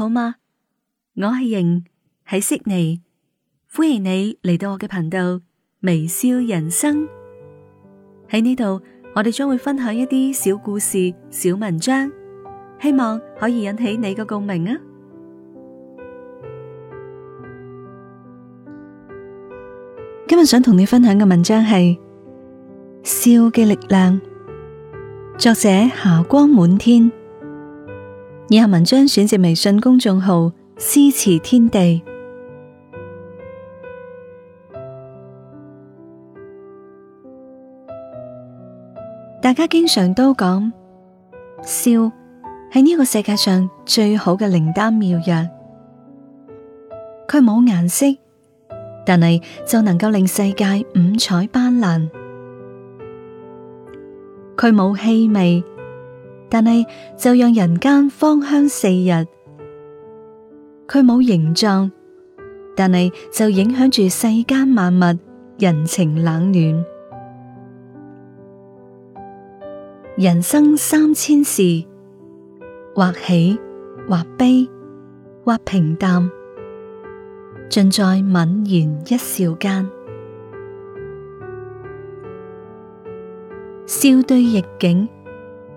好嗎？我係瑩，喺悉尼，歡迎你嚟到我嘅頻道微笑人生。喺呢度，我哋將會分享一啲小故事、小文章，希望可以引起你嘅共鳴啊！今日想同你分享嘅文章係《笑嘅力量》，作者霞光滿天。以下文章選自微信公眾號詩詞天地。大家經常都講，笑係呢個世界上最好嘅靈丹妙藥，佢冇顏色，但係就能夠令世界五彩斑斕。佢冇氣味。但係就讓人間芳香四溢，佢冇形狀，但係就影響住世間萬物、人情冷暖。人生三千事，或喜或悲或平淡，盡在泯然一笑間。笑對逆境，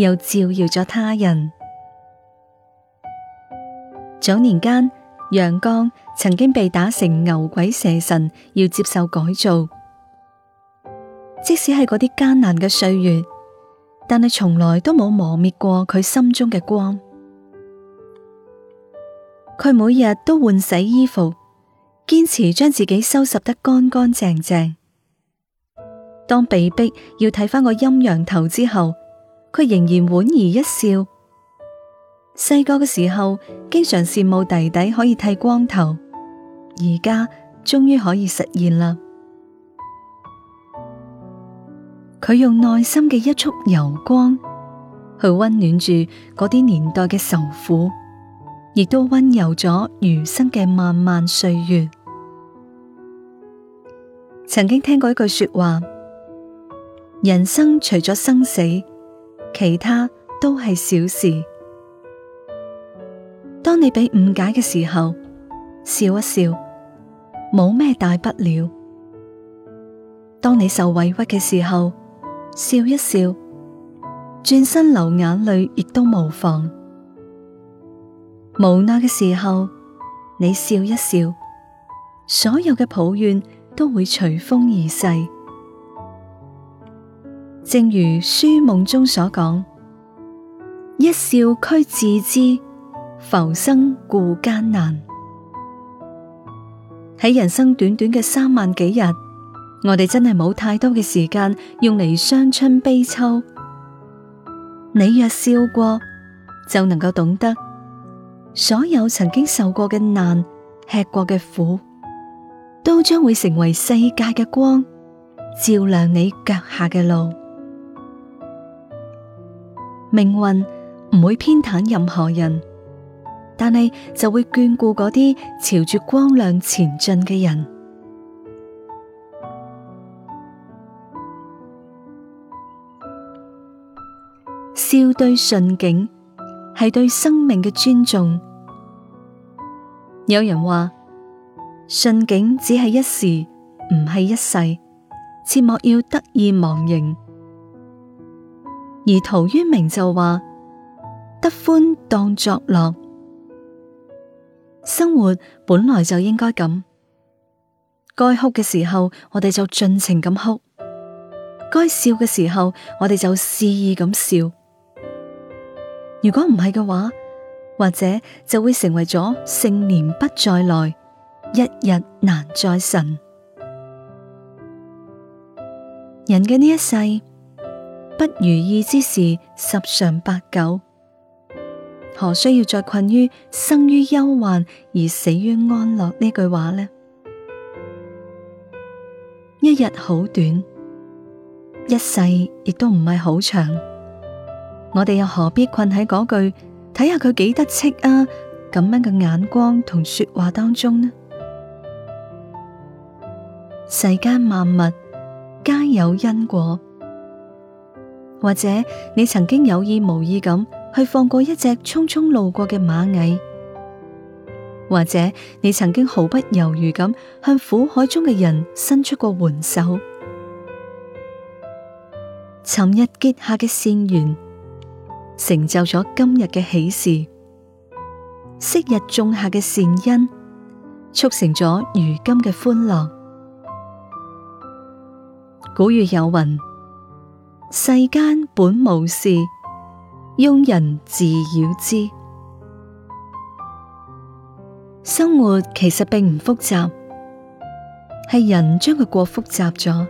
又照耀咗他人。早年間，陽光曾經被打成牛鬼蛇神，要接受改造。即使係嗰啲艱難嘅歲月，但係從來都冇磨滅過佢心中嘅光。佢每日都換洗衣服，堅持將自己收拾得乾乾淨淨。當被逼要睇返個陰陽頭之後，佢仍然莞爾一笑。細個嘅時候，經常羨慕弟弟可以剃光頭，而家終於可以實現啦。佢用內心嘅一束柔光，去溫暖住嗰啲年代嘅愁苦，亦都溫柔咗餘生嘅漫漫歲月。曾經聽過一句說話：人生除咗生死。其他都係小事。當你被誤解嘅時候，笑一笑，冇咩大不了。當你受委屈嘅時候，笑一笑，轉身流眼淚亦都無妨。無奈嘅時候，你笑一笑，所有嘅抱怨都會隨風而逝。正如書夢中所講，一笑驅自知，浮生固艱難。喺人生短短嘅三萬幾日，我哋真係冇太多嘅時間用嚟傷春悲秋。你若笑過，就能夠懂得，所有曾經受過嘅難、吃過嘅苦，都將會成為世界嘅光，照亮你腳下嘅路。命運唔會偏袒任何人，但係就會眷顧嗰啲朝住光亮前進嘅人。笑對順境，係對生命嘅尊重。有人話，順境只係一時，唔係一世，切莫要得意忘形。而陶淵明就話：得歡當作樂，生活本來就應該咁。該哭嘅時候，我哋就盡情咁哭；該笑嘅時候，我哋就肆意咁笑。如果唔係嘅話，或者就會成為咗盛年不再來，一日難再晨。人嘅呢一世。不如意之事十常八九，何需要再困於生於憂患而死於安樂呢句話呢？一日好短，一世亦都唔係好長，我哋又何必困喺嗰句睇下佢幾得戚啊咁樣嘅眼光同說話當中呢？世間萬物皆有因果。或者你曾經有意無意咁去放過一隻匆匆路過嘅螞蟻，或者你曾經毫不猶豫咁向苦海中嘅人伸出過援手，尋日結下嘅善緣，成就咗今日嘅喜事；昔日種下嘅善因，促成咗如今嘅歡樂。古語有云：世間本無事，庸人自擾之。生活其實並唔複雜，係人將佢過複雜咗。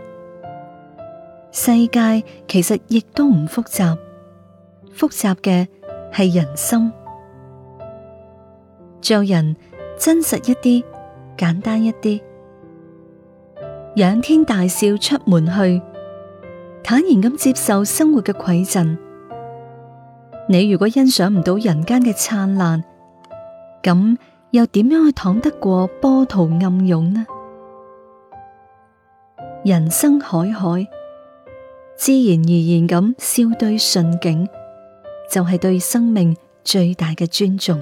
世界其實亦都唔複雜，複雜嘅係人心。做人真實一啲，簡單一啲，仰天大笑，出門去。坦然咁接受生活嘅饋贈，你如果欣賞唔到人間嘅燦爛，咁又點樣去躺得過波濤暗湧呢？人生海海，自然而然咁笑對順境，就係對生命最大嘅尊重。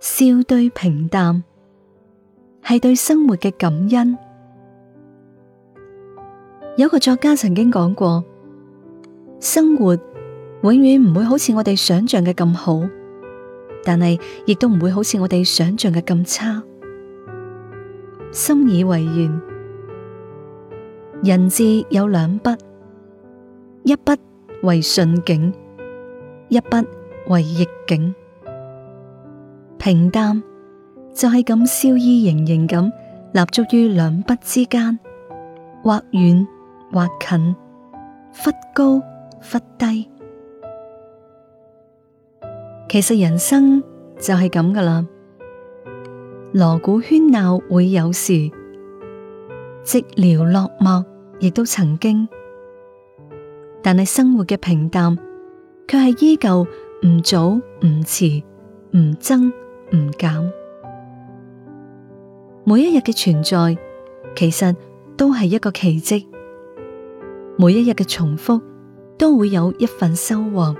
笑對平淡，係對生活嘅感恩。有個作家曾經講過：生活永遠唔會好似我哋想象嘅咁好，但係亦都唔會好似我哋想象嘅咁差。深以為然，人字有兩筆，一筆為順景，一筆為逆境，平淡。就係咁，笑意盈盈咁立足於兩筆之間，或遠或近，忽高忽低。其實人生就係咁噶啦。鑼鼓喧鬧會有時，寂寥落寞亦都曾經，但係生活嘅平淡，却係依舊唔早唔遲，唔增唔減。每一日嘅存在，其實都係一個奇迹；每一日嘅重複，都會有一份收穫；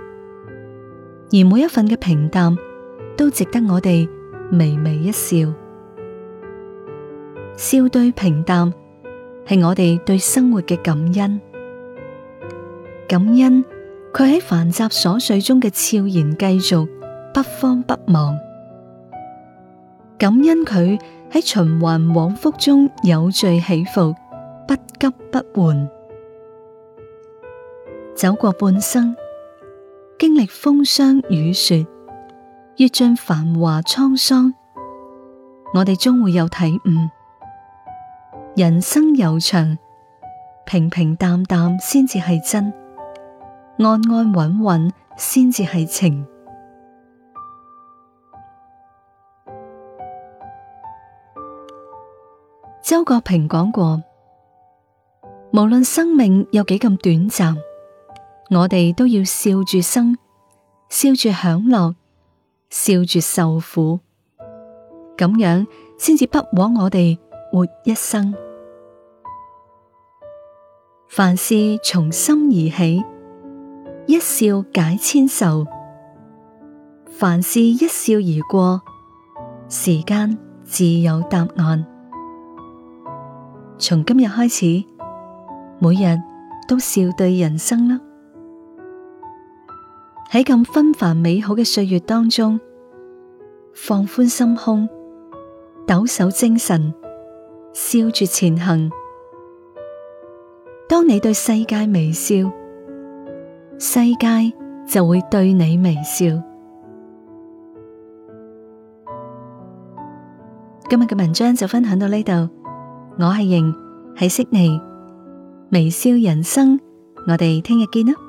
而每一份嘅平淡，都值得我哋微微一笑。笑對平淡，係我哋對生活嘅感恩。感恩佢喺繁雜瑣碎中嘅悄然繼續，不慌不忙。感恩佢。喺循環往復中有序起伏，不急不緩，走過半生，經歷風霜雨雪，閱盡繁華滄桑，我哋終會有體悟。人生有長，平平淡淡先至係真，安安穩穩先至係情。周國平講過：無論生命有幾咁短暫，我哋都要笑住生，笑住享樂，笑住受苦，咁樣先至不枉我哋活一生。凡事從心而起，一笑解千愁。凡事一笑而過，時間自有答案。從今日開始，每日都笑對人生啦！喺咁紛繁美好嘅歲月當中，放寬心胸，抖擻精神，笑住前行。當你對世界微笑，世界就會對你微笑。今日嘅文章就分享到呢度。我係瑩，係悉尼微笑人生，我哋聽日見啦。